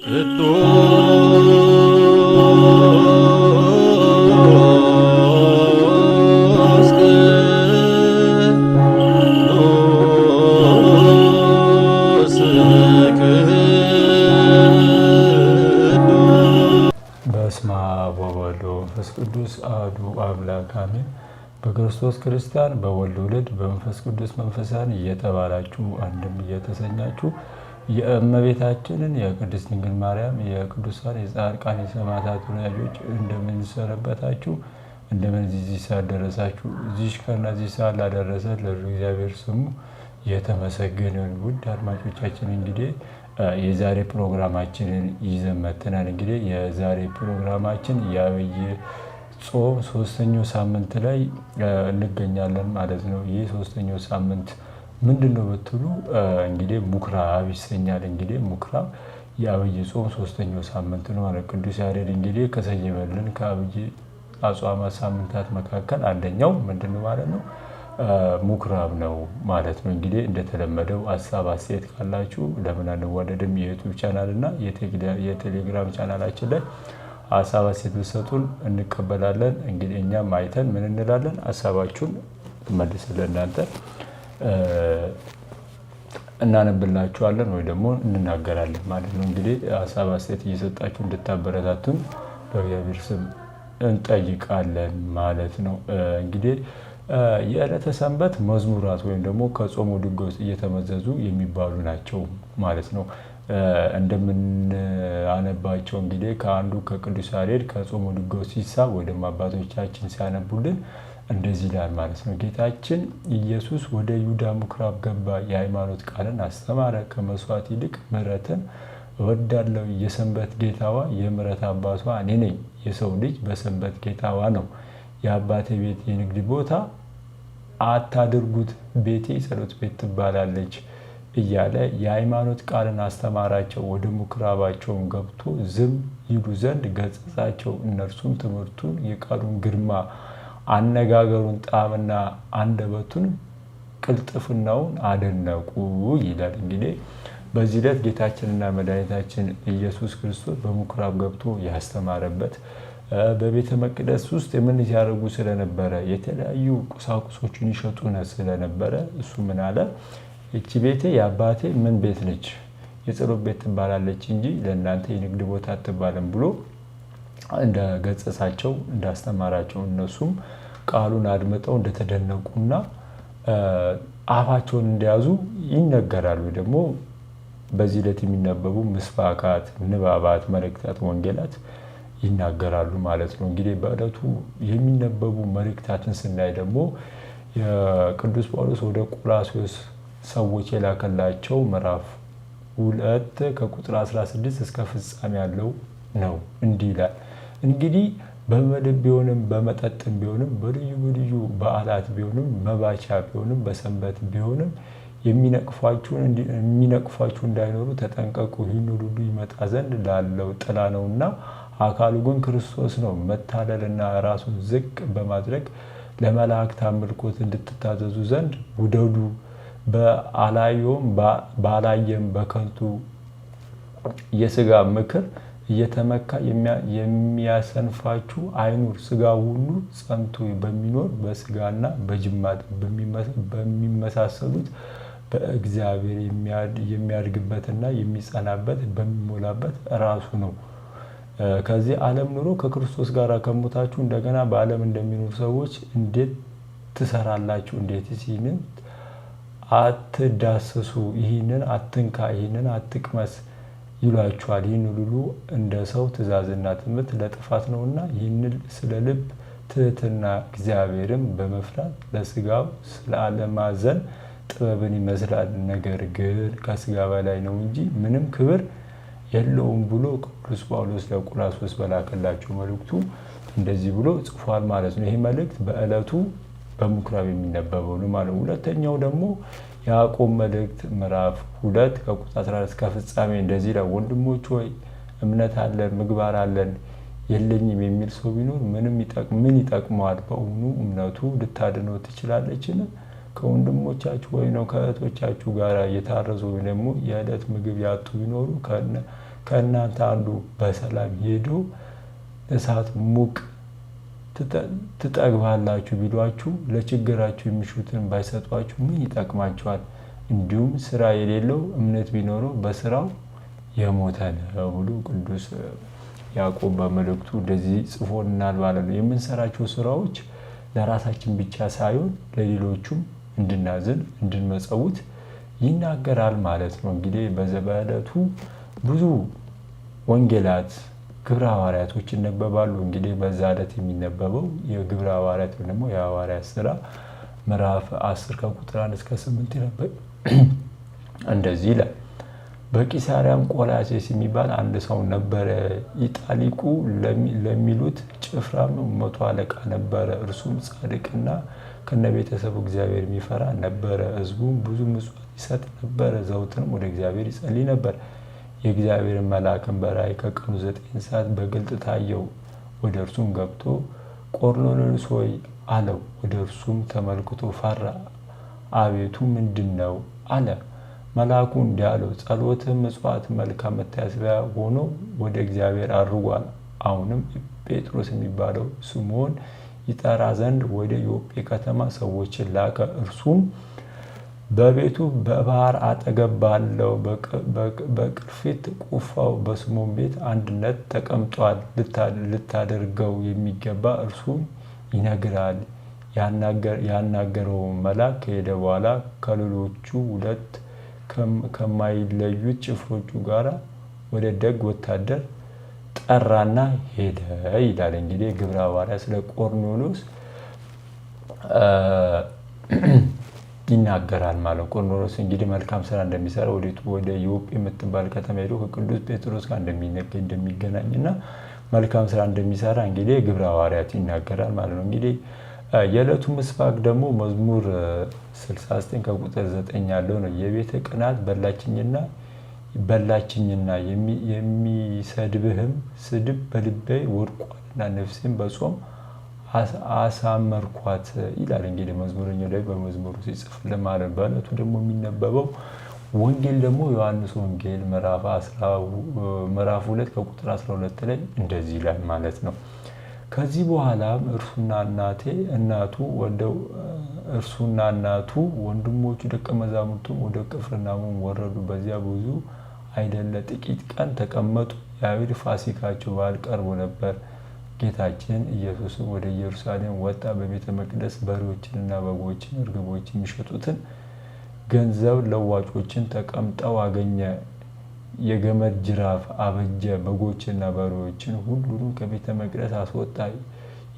ቅዱስ በክርስቶስ ክርስቲያን በወልድ ውልድ በመንፈስ ቅዱስ መንፈሳን እየተባላችሁ አንድም እየተሰኛችሁ የእመቤታችንን የቅድስት ድንግል ማርያም የቅዱሳን የጻድቃን የሰማዕታት ወዳጆች እንደምንሰነበታችሁ እንደምን እዚህ ሰዓት ደረሳችሁ። እዚህ ከእነዚህ ሰዓት ላደረሰ ለሉ እግዚአብሔር ስሙ የተመሰገነ ውድ አድማጮቻችን እንግዲህ የዛሬ ፕሮግራማችንን ይዘመትናል። እንግዲህ የዛሬ ፕሮግራማችን የአብይ ጾም ሶስተኛው ሳምንት ላይ እንገኛለን ማለት ነው። ይህ ሶስተኛው ሳምንት ምንድን ነው ብትሉ እንግዲህ ሙክራብ ይሰኛል። እንግዲህ ሙክራብ የአብይ ጾም ሶስተኛው ሳምንት ነው ማለት ቅዱስ ያሬድ እንግዲህ ከሰየመልን ከአብይ አጽዋማት ሳምንታት መካከል አንደኛው ምንድን ነው ማለት ነው ሙክራብ ነው ማለት ነው። እንግዲህ እንደተለመደው ሀሳብ አስተያየት ካላችሁ ለምን አንዋደድም የዩቱብ ቻናል እና የቴሌግራም ቻናላችን ላይ ሀሳብ አስተያየት ብትሰጡን እንቀበላለን። እንግዲህ እኛም አይተን ምን እንላለን ሀሳባችሁን መልስን ለእናንተ እናነብላችኋለን ወይ ደግሞ እንናገራለን ማለት ነው። እንግዲህ ሀሳብ አስተያየት እየሰጣችሁ እንድታበረታቱን በእግዚአብሔር ስም እንጠይቃለን ማለት ነው። እንግዲህ የዕለተ ሰንበት መዝሙራት ወይም ደግሞ ከጾሙ ድጓ ውስጥ እየተመዘዙ የሚባሉ ናቸው ማለት ነው። እንደምናነባቸው እንግዲህ ከአንዱ ከቅዱስ ያሬድ ከጾሙ ድጓ ሲሳብ ደግሞ አባቶቻችን ሲያነቡልን እንደዚህ ይላል ማለት ነው። ጌታችን ኢየሱስ ወደ ይሁዳ ምኩራብ ገባ፣ የሃይማኖት ቃልን አስተማረ። ከመስዋዕት ይልቅ ምሕረትን እወዳለሁ። የሰንበት ጌታዋ የምሕረት አባቷ እኔ ነኝ። የሰው ልጅ በሰንበት ጌታዋ ነው። የአባቴ ቤት የንግድ ቦታ አታድርጉት፣ ቤቴ ጸሎት ቤት ትባላለች እያለ የሃይማኖት ቃልን አስተማራቸው። ወደ ምኩራባቸውም ገብቶ ዝም ይሉ ዘንድ ገሰጻቸው። እነርሱም ትምህርቱን የቃሉን ግርማ አነጋገሩን ጣዕምና አንደበቱን ቅልጥፍናውን አደነቁ ይላል። እንግዲህ በዚህ ዕለት ጌታችንና መድኃኒታችን ኢየሱስ ክርስቶስ በምኩራብ ገብቶ ያስተማረበት በቤተ መቅደስ ውስጥ የምን ሲያደርጉ ስለነበረ የተለያዩ ቁሳቁሶችን ይሸጡ ስለነበረ እሱ ምን አለ? እቺ ቤቴ የአባቴ ምን ቤት ነች? የጸሎት ቤት ትባላለች እንጂ ለእናንተ የንግድ ቦታ አትባልም ብሎ እንደገጸሳቸው እንዳስተማራቸው እነሱም ቃሉን አድምጠው እንደተደነቁና አፋቸውን እንደያዙ ይነገራሉ። ደግሞ በዚህ ዕለት የሚነበቡ ምስባካት፣ ንባባት፣ መልእክታት፣ ወንጌላት ይናገራሉ ማለት ነው። እንግዲህ በዕለቱ የሚነበቡ መልእክታትን ስናይ ደግሞ የቅዱስ ጳውሎስ ወደ ቆላስዮስ ሰዎች የላከላቸው ምዕራፍ ሁለት ከቁጥር 16 እስከ ፍጻሜ ያለው ነው። እንዲህ ይላል እንግዲህ በምግብ ቢሆንም በመጠጥም ቢሆንም በልዩ ልዩ በዓላት ቢሆንም መባቻ ቢሆንም በሰንበት ቢሆንም የሚነቅፏችሁ እንዳይኖሩ ተጠንቀቁ። ይህን ሁሉ ይመጣ ዘንድ ላለው ጥላ ነውና አካሉ ግን ክርስቶስ ነው። መታለልና ራሱን ዝቅ በማድረግ ለመላእክት አምልኮት እንድትታዘዙ ዘንድ ውደዱ። በአላየም በከንቱ የስጋ ምክር እየተመካ የሚያሰንፋችሁ አይኑር። ስጋ ሁሉ ጸንቶ በሚኖር በስጋና በጅማት በሚመሳሰሉት በእግዚአብሔር የሚያድግበትና የሚጸናበት በሚሞላበት ራሱ ነው። ከዚህ ዓለም ኑሮ ከክርስቶስ ጋር ከሞታችሁ እንደገና በዓለም እንደሚኖሩ ሰዎች እንዴት ትሰራላችሁ? እንዴት ይህንን አትዳስሱ? ይህንን አትንካ፣ ይህንን አትቅመስ ይሏችኋል። ይህን ሁሉ እንደ ሰው ትእዛዝና ትምህርት ለጥፋት ነውና ይህን ስለ ልብ ትህትና እግዚአብሔርን በመፍራት ለስጋው አለማዘን ጥበብን ይመስላል። ነገር ግን ከስጋ በላይ ነው እንጂ ምንም ክብር የለውም ብሎ ቅዱስ ጳውሎስ ለቆላስይስ በላከላቸው መልእክቱ እንደዚህ ብሎ ጽፏል ማለት ነው። ይህ መልእክት በእለቱ በምኩራብ የሚነበበው ነው ማለት ነው። ሁለተኛው ደግሞ የያዕቆብ መልእክት ምዕራፍ ሁለት ከቁጥር 11 እስከ ፍጻሜ እንደዚህ ይላል፣ ወንድሞች ሆይ እምነት አለን ምግባር አለን የለኝም የሚል ሰው ቢኖር ምን ይጠቅመዋል? በእውኑ እምነቱ ልታድነው ትችላለችን? ከወንድሞቻችሁ ወይ ነው ከእህቶቻችሁ ጋር የታረዙ ወይ ደግሞ የዕለት ምግብ ያጡ ቢኖሩ ከእናንተ አንዱ በሰላም ሄዶ እሳት ሙቅ ትጠግባላችሁ ቢሏችሁ ለችግራችሁ የሚሹትን ባይሰጧችሁ ምን ይጠቅማችኋል? እንዲሁም ስራ የሌለው እምነት ቢኖረው በስራው የሞተ ነው ብሎ ቅዱስ ያዕቆብ በመልእክቱ እንደዚህ ጽፎልናል ማለት ነው። የምንሰራቸው ስራዎች ለራሳችን ብቻ ሳይሆን ለሌሎቹም እንድናዝን እንድንመጸውት ይናገራል ማለት ነው። እንግዲህ በዘበለቱ ብዙ ወንጌላት ግብረ ሐዋርያቶች ይነበባሉ። እንግዲህ በዛ ዕለት የሚነበበው የግብረ ሐዋርያት ወይም ደግሞ የሐዋርያት ስራ ምዕራፍ 10 ከቁጥር 1 እስከ 8 ይነበብ እንደዚህ ይላል። በቂሳሪያም ቆላሴስ የሚባል አንድ ሰው ነበረ፣ ኢጣሊቁ ለሚሉት ጭፍራም መቶ አለቃ ነበረ። እርሱም ጻድቅና ከነ ቤተሰቡ እግዚአብሔር የሚፈራ ነበረ። ህዝቡም ብዙ ምጽዋት ይሰጥ ነበረ፣ ዘውትርም ወደ እግዚአብሔር ይጸልይ ነበር። የእግዚአብሔርን መልአክን በራእይ ከቀኑ ዘጠኝ ሰዓት በግልጥ ታየው። ወደ እርሱም ገብቶ ቆርኔሌዎስ ሆይ አለው። ወደ እርሱም ተመልክቶ ፈራ። አቤቱ ምንድን ነው አለ። መልአኩ እንዲህ አለው፣ ጸሎትህ፣ ምጽዋት መልካም መታሰቢያ ሆኖ ወደ እግዚአብሔር አድርጓል። አሁንም ጴጥሮስ የሚባለው ስምዖን ይጠራ ዘንድ ወደ ዮጴ ከተማ ሰዎችን ላከ። እርሱም በቤቱ በባህር አጠገብ ባለው በቅርፊት ቁፋው በስምዖን ቤት አንድነት ተቀምጧል። ልታደርገው የሚገባ እርሱም ይነግራል። ያናገረው መልአክ ከሄደ በኋላ ከሌሎቹ ሁለት ከማይለዩት ጭፍሮቹ ጋር ወደ ደግ ወታደር ጠራና ሄደ ይላል። እንግዲህ ግብረ ሐዋርያት ስለ ቆርኔሌዎስ ይናገራል ማለት ቆርኔሌዎስ እንግዲህ መልካም ስራ እንደሚሰራ ወደ ኢዮጴ የምትባል ከተማ ሄዶ ከቅዱስ ጴጥሮስ ጋር እንደሚገናኝ እና መልካም ስራ እንደሚሰራ እንግዲህ ግብረ ሐዋርያት ይናገራል ማለት ነው። እንግዲህ የዕለቱ ምስባክ ደግሞ መዝሙር 69 ከቁጥር 9 ያለው ነው። የቤት ቅናት በላችኝና በላችኝና የሚሰድብህም ስድብ በልቤ ወድቋልና ነፍሴም በጾም አሳመርኳት ይላል እንግዲህ መዝሙረኛው ላይ በመዝሙሩ ሲጽፍ ለማለት በዕለቱ ደግሞ የሚነበበው ወንጌል ደግሞ ዮሐንስ ወንጌል ምዕራፍ ሁለት ከቁጥር 12 ላይ እንደዚህ ይላል ማለት ነው። ከዚህ በኋላም እርሱና እናቴ እናቱ እርሱና እናቱ ወንድሞቹ ደቀ መዛሙርቱም ወደ ቅፍርናሙን ወረዱ። በዚያ ብዙ አይደለ ጥቂት ቀን ተቀመጡ። የአይሁድ ፋሲካቸው በዓል ቀርቦ ነበር። ጌታችን ኢየሱስ ወደ ኢየሩሳሌም ወጣ። በቤተ መቅደስ በሬዎችንና በጎችን እርግቦች የሚሸጡትን ገንዘብ ለዋጮችን ተቀምጠው አገኘ። የገመድ ጅራፍ አበጀ። በጎችና በሬዎችን ሁሉንም ከቤተ መቅደስ አስወጣ።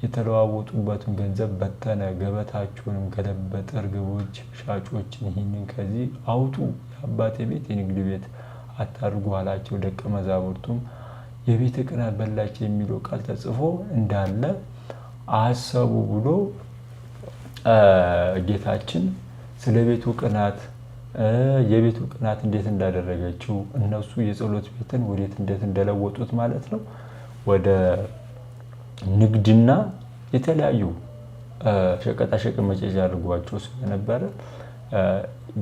የተለዋወጡበትን ገንዘብ በተነ። ገበታቸውንም ገለበጠ። እርግቦች ሻጮችን ይህንን ከዚህ አውጡ፣ የአባቴ ቤት የንግድ ቤት አታድርጉ አላቸው። ደቀ መዛሙርቱም የቤት ዕቃን አበላች የሚለው ቃል ተጽፎ እንዳለ አሰቡ ብሎ ጌታችን ስለ ቤቱ ቅናት የቤቱ ቅናት እንዴት እንዳደረገችው እነሱ የጸሎት ቤትን ወዴት እንዴት እንደለወጡት ማለት ነው ወደ ንግድና የተለያዩ ሸቀጣሸቀጥ መጨጫ አድርጓቸው ስለነበረ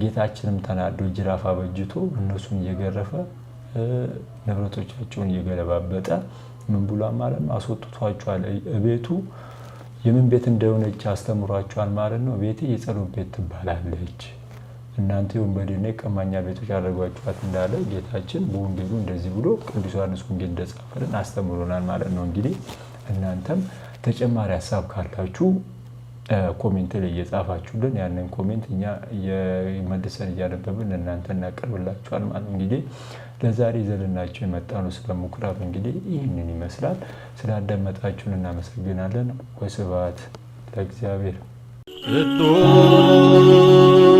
ጌታችንም ተናዶ ጅራፍ አበጅቶ እነሱን እየገረፈ ንብረቶቻቸውን እየገለባበጠ ምን ብሏል ማለት ነው፣ አስወጥቷቸዋል። ቤቱ የምን ቤት እንደሆነች አስተምሯቸዋል ማለት ነው። ቤቴ የጸሎት ቤት ትባላለች፣ እናንተ የወንበዴና የቀማኛ ቤቶች አድርጓችኋት እንዳለ ጌታችን በወንጌሉ እንደዚህ ብሎ ቅዱስ ዮሐንስ ወንጌል እንደጻፈልን አስተምሮናል ማለት ነው። እንግዲህ እናንተም ተጨማሪ ሀሳብ ካላችሁ ኮሜንት ላይ እየጻፋችሁልን ያንን ኮሜንት እኛ የመልሰን እያነበብን እናንተ እናቀርብላችኋል ማለት እንግዲህ ለዛሬ ዘለናቸው የመጣኑ ነው ስለ ምኩራብ እንግዲህ ይህንን ይመስላል። ስላዳመጣችሁን እናመሰግናለን። ወስብሐት ለእግዚአብሔር።